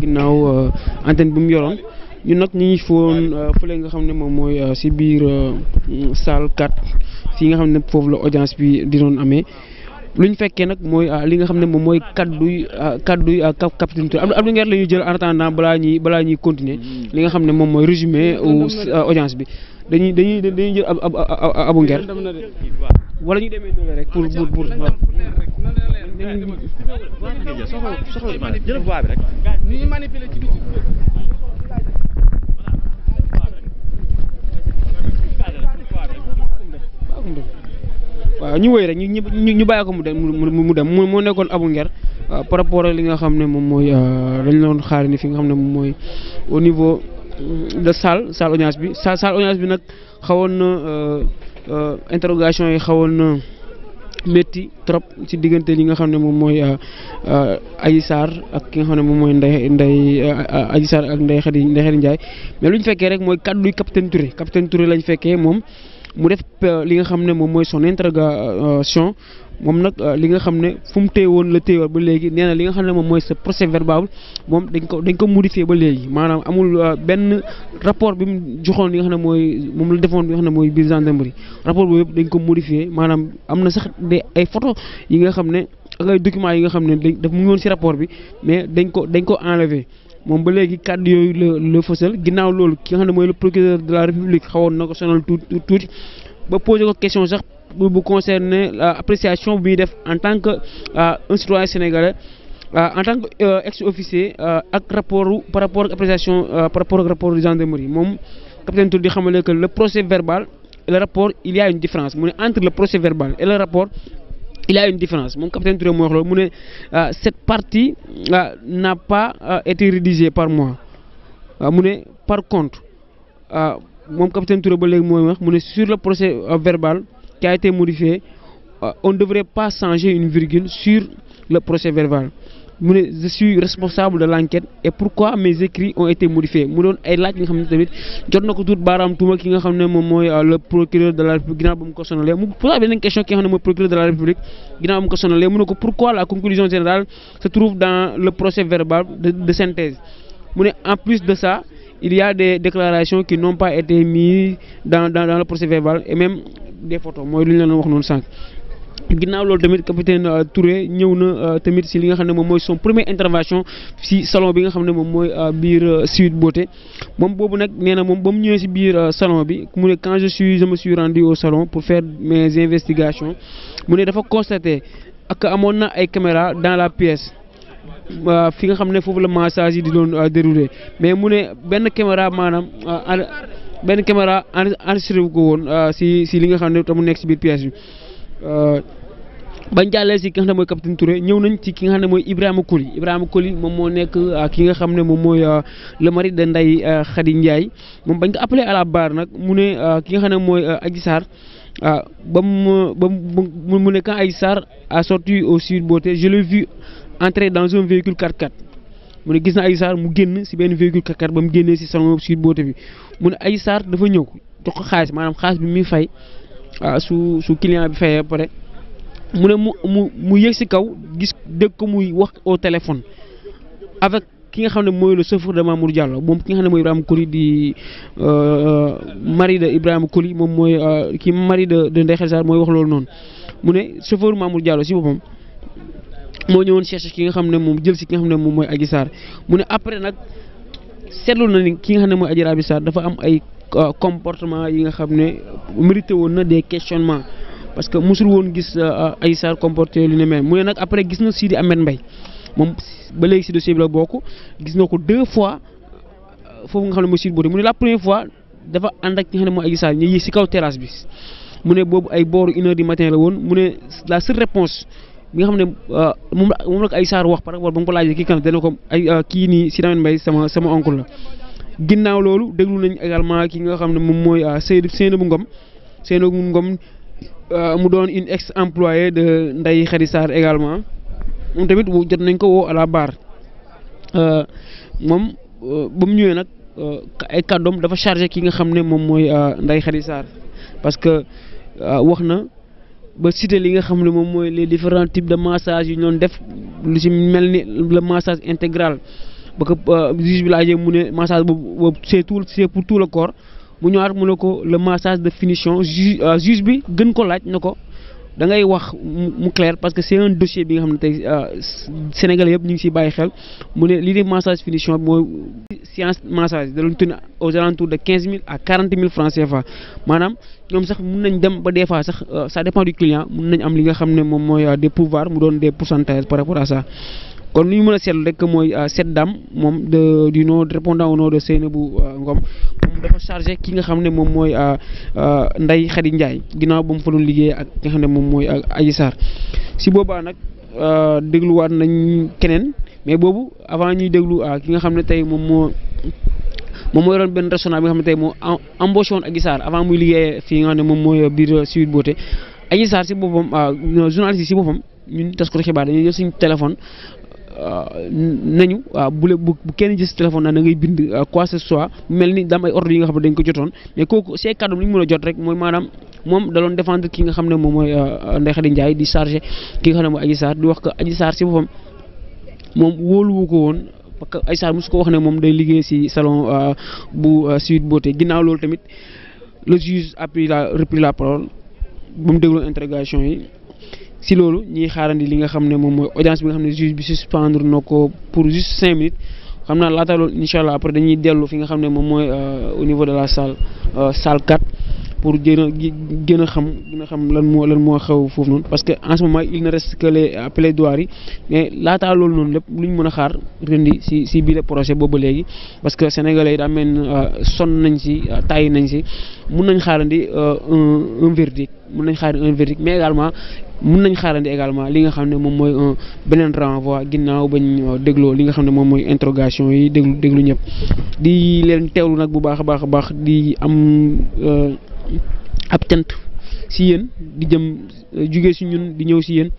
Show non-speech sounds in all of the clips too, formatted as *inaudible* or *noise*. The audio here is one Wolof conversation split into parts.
ginnaaw euh, antenne bi mu yoroon ñu nag ñu ngi foon euh, fële nga xam ne moom mooy euh, si biir salle 4 fii nga xam ne foofu la audience bi di doon amee. lu ñu fekkee nag mooy li nga xam ne moom mooy kadduy kadduy capitaine Touré Abdou Nguer la ñuy jël en balaa ñuy balaa ñuy continuer li nga xam ne moom mooy résumé audience bi dañuy dañuy dañuy jël ab ab Abdou Nguer wala ñu demee noonu rek pour pour pour. soxla bi rek. ni ñu manipuler ci waaw ñu wëy rek ñu ñu ñu bàyyi ko mu dem mu dem moo nekkoon Abou Nguer euh, par rapport ak li nga xam ne moom mooy euh, dañu doon xaar ni fi nga xam ne moom mooy au niveau euh, de salle salle audience bi salle audience bi nag xawoon na interrogation yi xawoon na. métti trop ci diggante li nga xam ne moom mooy euh, Adji Sarr ak ki nga xam ne moom mooy Ndeye Ndeye euh, Adji Sarr ak Ndeye Khady Ndeye Khady Ndiaye mais lu ñu fekkee rek mooy kàddu capitaine Touré capitaine Touré lañ fekkee moom. mu def euh, li nga xam ne moom mooy son interrogation moom nag euh, li nga xam ne fu mu téye woon la téye woon ba léegi nee na li nga xam ne moom mooy sa procès verbal moom dañ ko dañ ko modifié ba léegi maanaam amul euh, benn rapport bi mu joxoon li nga xam ne mooy moom la defoon bi nga xam ne mooy biir gendarmerie rapport boobu yëpp dañ ko modifié maanaam am na sax des ay photo yi nga xam ne ak ay documents yi nga xam ne dañ daf mu ngi woon ci rapport bi mais dañ ko dañ ko enlevé. moom ba léegi kàddu yooyu la la fësal ginnaaw loolu ki xam ne mooy le procureur de la république xawoon na ko sonal tuuti tuuti ba posé ko question sax bu concerner euh, appréciation bi def en tant que euh, un citoyen sénégalais euh, en tant que ex-officier ak rapport par rapport appréciation par rapport ak rapport gendarmerie moom capitaine Tour di xamale que le procès verbal et le rapport il y a une différence mu ne entre le procès verbal et le rapport il y a une différence moom capitaine Touré moo wax loolu mu ne euh, cette partie euh, n'a pas euh, été rédigée par moi mu ne par contre moom capitaine Touré ba léegi mooy wax mu ne sur le procès verbal qui a été modifié on ne devrait pas changer une virgule sur le procès verbal mu ne je suis responsable de l' enquête et pourquoi mes écrits ont été modifiés mu doon ay laaj yi nga xam ne tamit jot na ko tuut baaraam tuuma ki nga xam ne moom mooy euh, le procureur de la république ginnaaw ba mu ko sonalee mu posé beneen question ki nga xam ne mooy procureur de la république ginnaaw ba mu ko mu ne ko pourquoi la conclusion générale se trouve dans le procès verbal de synthèse mu ne en plus de ça il y des déclarations qui n'ont pas été mises dans dans le procès verbal et même des photos mooy lu ñu leen wax noonu sànq. ginnaaw loolu tamit capitaine euh, Touré ñëw na euh, tamit si li nga xam ne moom mooy son première intervention si salon bi nga xam ne moom mooy euh, biir Sweet Beauté moom boobu nag nee moom ba mu ñëwee si biir salon bi mu ne quand je suis je me suis rendu au salon pour faire mes mu ne dafa constaté ak amoon na ay caméra dans la pièce fi nga xam ne foofu la massage yi di doon déroulé mais mu ne benn caméra maanaam benn camera caméra enregistré wu ko woon si si li nga xam ne tamu nekk si biir pièce bi. Euh, bañ jàllee si ki nga xam ne mooy capitaine Touré ñëw nañ ci ki nga xam ne mooy Ibrahima Koli Ibrahima Koli moom moo nekk euh, ki nga xam ne moom mooy euh, le mari de Ndeye Khady Ndiaye moom bañ ko appelé à la barre nag mu ne ki nga xam ne mooy Adji Sarr ba mu ba mu mu ne quand Adji Sarr a sorti au Sweet Beauté je l'ai vu entrer dans un véhicule 4 x mu ne gis na Adji mu génn si benn véhicule 4 x ba mu génnee si salon Sweet Beauté bi mu ne Adji Sarr dafa ñëw jox ko xaalis maanaam xaalis bi muy fay. Ah, su su client bi fayee pare mu ne mu mu mu yëg si kaw gis dégg ko muy wax au téléphone avec ki nga xam ne mooy le chauffeur de Mamour Diallo moom ki nga xam ne mooy Ibrahima Koli di euh, euh, mari de Ibrahima Koli moom mooy euh, ki mari de de Ndeye mooy wax loolu noonu mu ne chauffeur Mamour Diallo si boppam moo ñëwoon chercher ki nga xam ne moom jël si ki nga xam ne moom mooy Adji Sarr mu ne après nag seetlu na ni ki nga xam ne mooy Adji Raby dafa am ay Euh, comportement yi nga xam ne mérité woon na des questionnement parce que mosul woon gis euh, ay Sarr comporter lu ne mel mu ne nag après gis na Sidi Ahmed Mbaye moom ba léegi si dossier bi gis na ko deux fois euh, foofu nga xam ne mooy Sweet mu ne la première fois dafa ànd ak ki nga xam ne si kaw terrasse bi mu ne boobu ay booru une heure du matin la woon mu ne la seule réponse bi nga xam ne moom la moom la ko Adji Sarr wax par rapport ba nga ko laajee kii kan dana ko ay kii nii Sidi Ahmed Mbaye sama sama oncle la. ginnaaw loolu déglu nañ également ki nga xam ne moom mooy bu ah, Seynabou Ngom Seynabou Ngom ah, mu doon une ex employée de Ndeye Khady Sarr également moom tamit jot nañ ko woo à la barre ah, moom ba mu ñëwee nag ay kàddoom dafa chargé ki nga xam ne moom mooy Ndeye Khady Sarr parce que wax na ba cité li nga xam ne moom mooy les différents types de massage yu ñoon def lu ci mel ni le massage intégral ba ko juge bi laajee mu ne massage boobu c'est tout c'est pour tout le corps mu ñëwaat mu ne ko le massage de finition ju euh, bi gën ko laaj na ko da ngay wax mu clair parce que c'est un dossier bi nga xam ne tey euh, Sénégalais yëpp ñu ngi siy bàyyi xel mu ne lii di massage finition bi mooy séance massage da doon tourner aux alentours de quinze mille à quarante mille francs CFA maanaam ñoom sax mun nañ dem ba des fois sax euh, ça dépend du client mun nañ am li nga xam ne moom mooy des pouvoirs mu doon des pourcentages par rapport à ça kon li ñu mën a seetlu rek mooy cette euh, dame moom de du nom répondant au nom de euh, Ngom moom dafa chargé ki nga xam ne moom mooy euh, Ndeye Khady Ndiaye ginnaaw ba mu fa liggéey ak ki nga moom mooy Adji Sarr si boobaa nag dégluwaat nañ keneen mais boobu avant ñuy déglu ki nga xam ne tey moom moo moom moo yoroon benn restaurant bi nga xam ne moo embauché woon avant muy liggéey fii nga xam ne moom mooy biir Sweet Beauté Adji Sarr si boppam journaliste si boppam ñun tas ko xibaar dañuy jël suñu téléphone Euh, nañu bu le bu kenn si téléphone naan da bind euh, quoi ce soit mel ni daam ay ordre yi nga xam ne dañ ko jotoon mais kooku see kàddu li ñu mën a jot rek mooy maanaam moom da doon ki nga xam ne moom mooy euh, Ndeye Khady Ndiaye di chargé ki nga xam ne moom Adji Sarr di wax ko Adji Sarr si boppam moom wóoluwu ko woon parce que Adji Sarr mosu ko wax ne moom day liggéey si salon bu Sweet Beauté ginnaaw loolu tamit le juge a pris la repris la parole ba mu déglu interrogation yi. si loolu ñuy xaarandi li nga xam ne moom mooy audience bi nga xam ne juge bi suspendre na ko pour juste cinq minutes xam naa laata loolu incha allah après dañuy dellu fi nga xam ne moom mooy euh, au niveau de la salle euh, salle 4. pour gën a gën a xam gën a xam lan moo lan moo xew foofu noonu parce que en ce moment il ne reste que les euh, mais laataa loolu noonu lépp lu ñu mën a xaar rendi si si projet boobu léegi parce que sénégalais yi daa mel ni euh, sonn nañ si euh, tàyyi nañ si mun nañ xaarandi un un verdict mun nañ xaarandi un verdict mais également mun nañ xaarandi également li nga xam ne moom mooy un beneen renvoi ginnaaw bañ dégloo li nga xam ne moom mooy interrogation yi déglu déglu ñëpp di leen teewlu ab cant si yéen di jëm eh, jugee si ñun di ñëw si yéen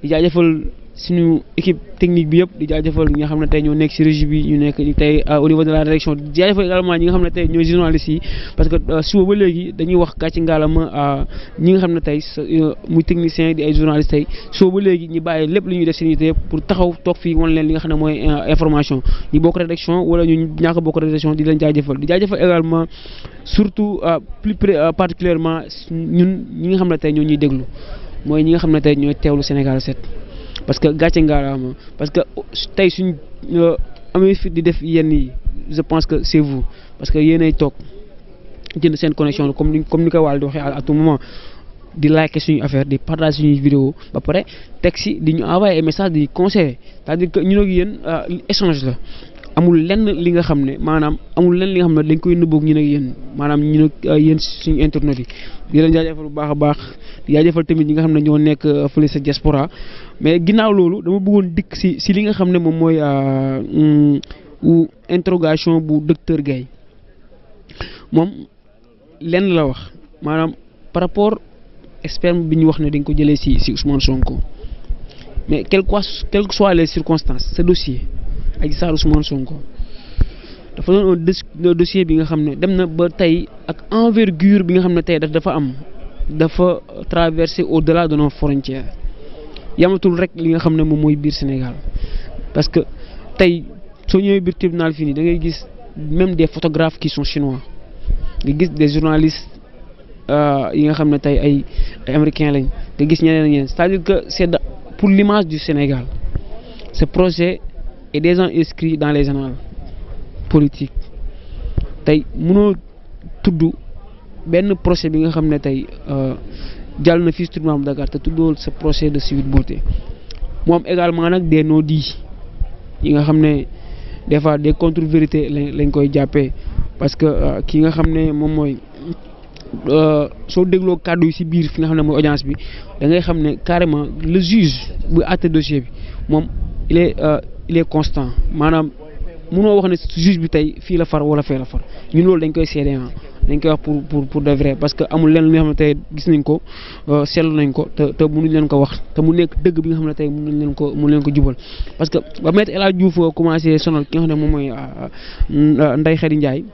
di jaajëfal suñu équipe technique bi yëpp di jaajëfal ñi nga xam ne tey ñoo nekk si régie bi ñu nekk tey euh, au niveau de la rédaction di jaajëfal également ne tey ñooy journalistes yi que euh, suba ba léegi dañuy wax gàcci ngaalama euh, ñi nga xam ne tey muy technicien di ay journalistes tey suba léegi ñu bàyyi lépp li ñuy def pour taxaw toog fii wan leen li nga xam ne mooy information ñu bokk rédaction wala ñu ñàkk bokk rédaction di leen jaajëfal di jaajëfal également surtout plus particulièrement ñun ñi nga xam ne tey ñoo ñuy déglu mooy ñi nga xam ne tey ñooy teewlu Sénégal 7 parce que gàcce ngaaraama parce que tey suñ euh, amee fit di def yenn yi je pense que c'est vous parce que ay toog jënd seen connexion comme ni comme ni ko Wally di waxee à tout moment di liker suñu affaire di partager suñuy vidéo ba pare teg si di ñu envoyer ay messages di conseil c'est-à-dire que ñun yéen euh, échange la. amul lenn li nga xam ne maanaam amul lenn li nga xam ne dañ koy nëbboog ñu nag yéen maanaam ñu nag euh, yéen suñu internet yi di leen jaajëfal bu baax a baax di jaajëfal tamit ñi nga xam ne ñoo nekk euh, fële sa diaspora mais ginnaaw loolu dama bëggoon dikk si si li nga xam ne moom mooy euh, mm, interrogation bu docteur Gaye moom lenn la wax maanaam par rapport sperme bi ñu wax ne dañ ko jëlee si si Ousmane Sonko mais quel quoi quelles que soient les circonstances ce dossier Adji Sarr Ousmane Sonko dafa doon un bi nga xam ne dem na ba tey ak envergure bi nga xam ne tey daf dafa am dafa traversé au delà de nos frontières yamatul rek li nga xam ne moom mooy biir Sénégal parce que tey soo ñëwee biir tribunal fii nii da ngay gis même des photographes qui sont chinois nga gis des journalistes euh, yi nga xam ne tey ay américains lañ nga gis ñeneen ak ñeneen cest dire que c'est pour l'image du Sénégal ce projet et des gens inscrits dans les annales politiques tey mënoo tudd benn procès bi nga xam ne tey euh, jàll na fii tribunal bu Dakar te tuddool sa procès de Sweet Beauté moom également nag des non-dits yi nga xam ne des fois des contre-vérités lañ koy jàppee parce que euh, ki nga xam ne moom mooy euh, soo dégloo kàddu yi ci biir fi nga xam ne mooy audience bi da ngay xam ne carrément le juge bu àtte dossier bi moom il est il est constant maanaam mënoo wax ne juge bi tey fii la far wala fee la far ñun loolu dañ koy seede ah dañ koy wax pour pour pour parce que amul leen li nga xam ne tey gis nañ ko euh, seetlu nañ ko te te mënuñ leen ko wax te mu nekk dëgg bi nga xam ne tey mënuñ leen ko mënuñ leen ko jubal. parce que ba Maître El Hadj Diouf euh, commencé sonal ki nga xam ne moom mooy euh, Ndeye Khady Ndiaye.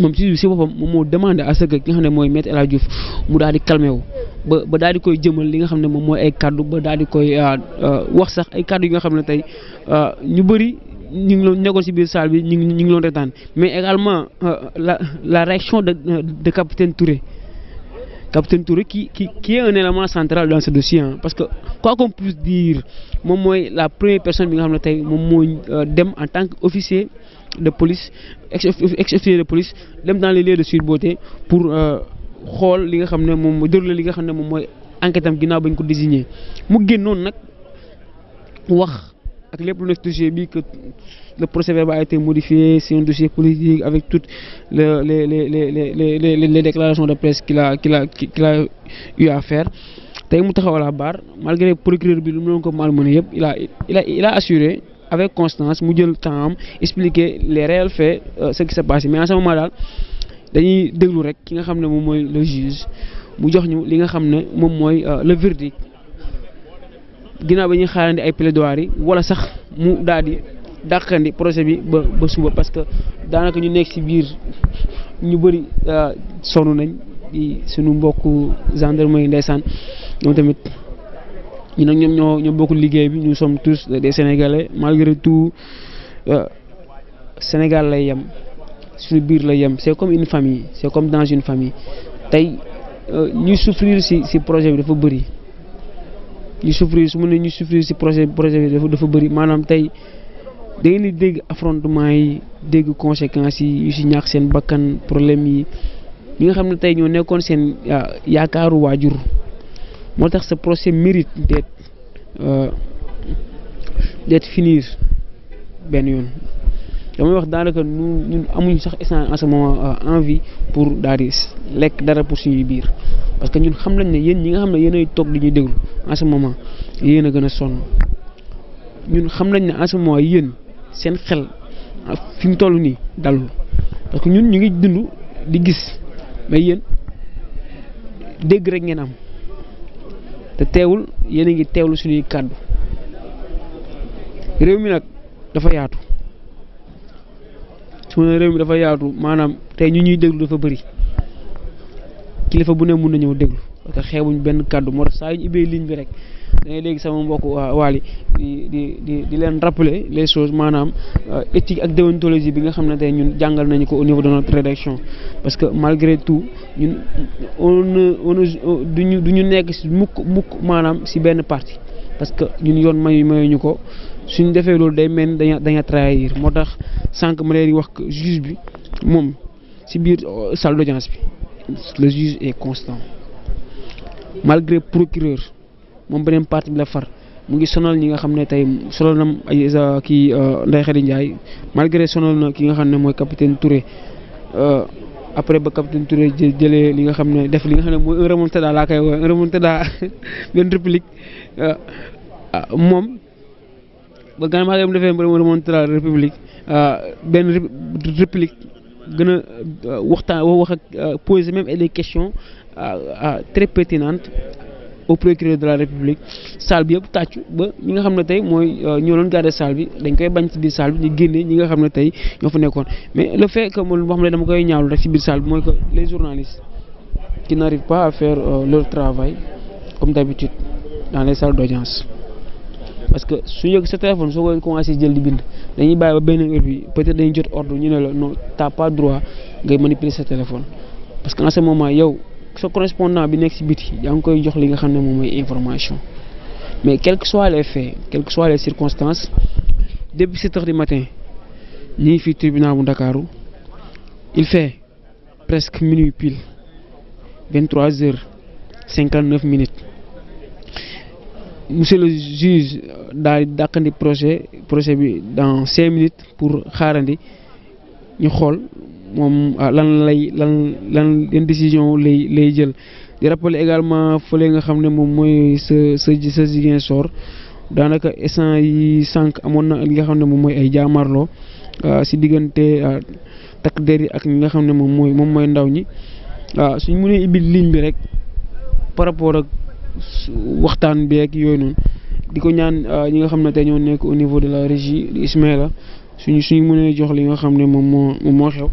moom si si boppam moom moo demande à ce que ki nga xam ne mooy maître El Hadji Diouf mu daal di calmé wu ba ba daal di koy jëmal li nga xam ne moom mooy ay kàddu ba daal di koy ah, ah, wax sax ay kaddu yi nga xam ne tey ah, ñu bëri ñu ngi doon nekkoon si biir saal bi ñu ngi ñu ngi doon retaan mais également la la réaction de de capitaine Touré. capitaine Touré qui, qui, qui, est un élément central dans ce dossier. Hein, parce que, quoi qu'on puisse dire, moi, moi, la première personne qui euh, dem en tant que qu'officier de police, ex-officier de police, dans les lieux de surbeauté pour euh, xool li nga xam ne moom moo déroulé li nga xam ne moom mooy enquête am ginnaaw bañ ko désigné mu génnoon nag wax. ak lépp lu nekk dossier bi que le procès-verbal a été modifié c'est un dossier politique avec toutes les les les les les les déclarations de presse qu'il a qu'il a qu'il a eu à faire tey mu taxaw la barre malgré procureur bi lu mu doon ko malmené yëpp il a la a il a avec constance mu jël temps am expliquer les réels faits euh, ce qui s'est passé mais en ce moment daal dañuy déglu rek ki nga xam ne moom mooy le juge mu jox ñu li nga xam ne moom mooy euh, le verdict. ginaaw bi ñuy xaarandi ay plaidoiries yi wala sax mu daal di dàqandi projet bi ba ba suba parce que daanaka ñu nekk ci biir ñu bëri euh, sonn nañ suñu di suñu mbokku gendarmerie ndeysaan ñoom tamit ñu nag ñoom ñoo ñoo bokk liggéey bi ñu sommes tous des sénégalais malgré tout euh, Sénégal lay yem suñu biir lay yem c'est comme une famille c'est comme dans une famille tey euh, ñu souffrir ci ci projet bi dafa bari ñu souffrir su mu ne ñu souffrir si projet projet bi dafa dafa bëri maanaam tey da ngeen dégg affrontement yi dégg conséquences yi yu si ñax seen bakkan problème yi ñi nga xam ne tey ñoo nekkoon seen yaakaaru waajur moo tax ce procès mérite d'être euh, det finir benn yoon damay wax daanaka ñun amuñu sax instant en ce moment euh, envie pour daal di lekk dara pour suñuy biir parce que ñun xam nañ ne yéen ñi nga xam ne yéenay toog di ñuy déglu en moment yéen a gën a sonn ñun xam nañ ne en ce moment yéen seen xel fi mu toll nii dalul parce que ñun ñu ngi dund di gis mais yéen dégg rek ngeen am te teewul yéen a ngi teewlu suñuy kàddu réew mi nag dafa yaatu. su ma ne réew mi dafa yaatu maanaam tey ñu ñuy déglu dafa bëri kilifa bu ne mun na ñëw déglu parce que ñu benn kàddu moo tax saa yu ñu ubbee bi rek dangay léegi sama mbokk waa waali di di di leen rappeler les choses maanaam euh, éthique ak déontologie bi nga xam ne tey ñun jàngal nañu ko au niveau de notre rédaction parce que malgré tout ñun on on duñu du ñu nekk si mukk mukk maanaam si benn parti parce que ñun yoon mayu mayuñu ko suñ defee loolu day mel ni dañu dañu trahir moo tax sànq ma leen wax juge bi moom si biir euh, salle d'audience bi le juge est constant malgré procureur moom beneen parti bi la far mu ngi sonal ñi nga xam ne tey sonal na ay kii euh, Ndeye Khady Ndiaye malgré sonal na ki nga xam ne mooy capitaine Touré euh, après ba capitaine Touré jëlee li nga xam ne def li nga xam ne mooy un remontada laa koy woowee un remontada *laughs* benn réplique ah, moom. ba Gana Messere mu defee remonter la république euh, benn réplique gën a euh, waxtaan wax ak euh, poser même des questions très pertinentes au procureur de la république salle bi yëpp tàccu ba ñi nga xam ne tey mooy ñoo doon garder salle bi dañ koy bañ ci biir salle bi ñu génne ñi nga xam ne tey ñoo fa nekkoon mais le fait que man loo xam ne dama koy ñaawlu rek ci biir salle bi mooy que les journalistes qui n'arrivent pas à faire leur travail comme d'habitude dans les salles d'audience parce que su ñu sa téléphone soo ko commencé jël di bind dañuy bàyyi ba benn heure bi peut-être jot ordre ñu ne la non t'as pas droit ngay manipuler sa téléphone. parce que en ce moment yow sa correspondant bi nekk ci biti yaa ngi koy jox li nga xam ne moom mooy information mais quelque que soit les faits quelles que soient les circonstances depuis 7 heures du matin ñu ngi fii tribunal bu Ndakaaru il fait presque minuit pile 23 heures 59 minutes. monsieur le juge daal di dàqandi projet projet bi dans cinq minutes pour xaarandi ñu xool moom ah, lan lay lan lan yan décision lay lay jël di rappeler également fële nga xam ne moom mooy sa sa sa jigéen soor daanaka instant yi sànq amoon na li nga xam ne moom mooy ay jaamarloo ah, si diggante ah, takk der yi ak ñi nga xam ne moom mooy moom mooy ndaw ñi waaw suñ mënee ibbi ligne bi rek par rapport waxtaan beeg yooyu noonu di ko ñaan euh, ñi nga xam ne dañoo nekk au niveau de la régie la suñu suñu mënee jox li nga xam ne moom moo moom moo xew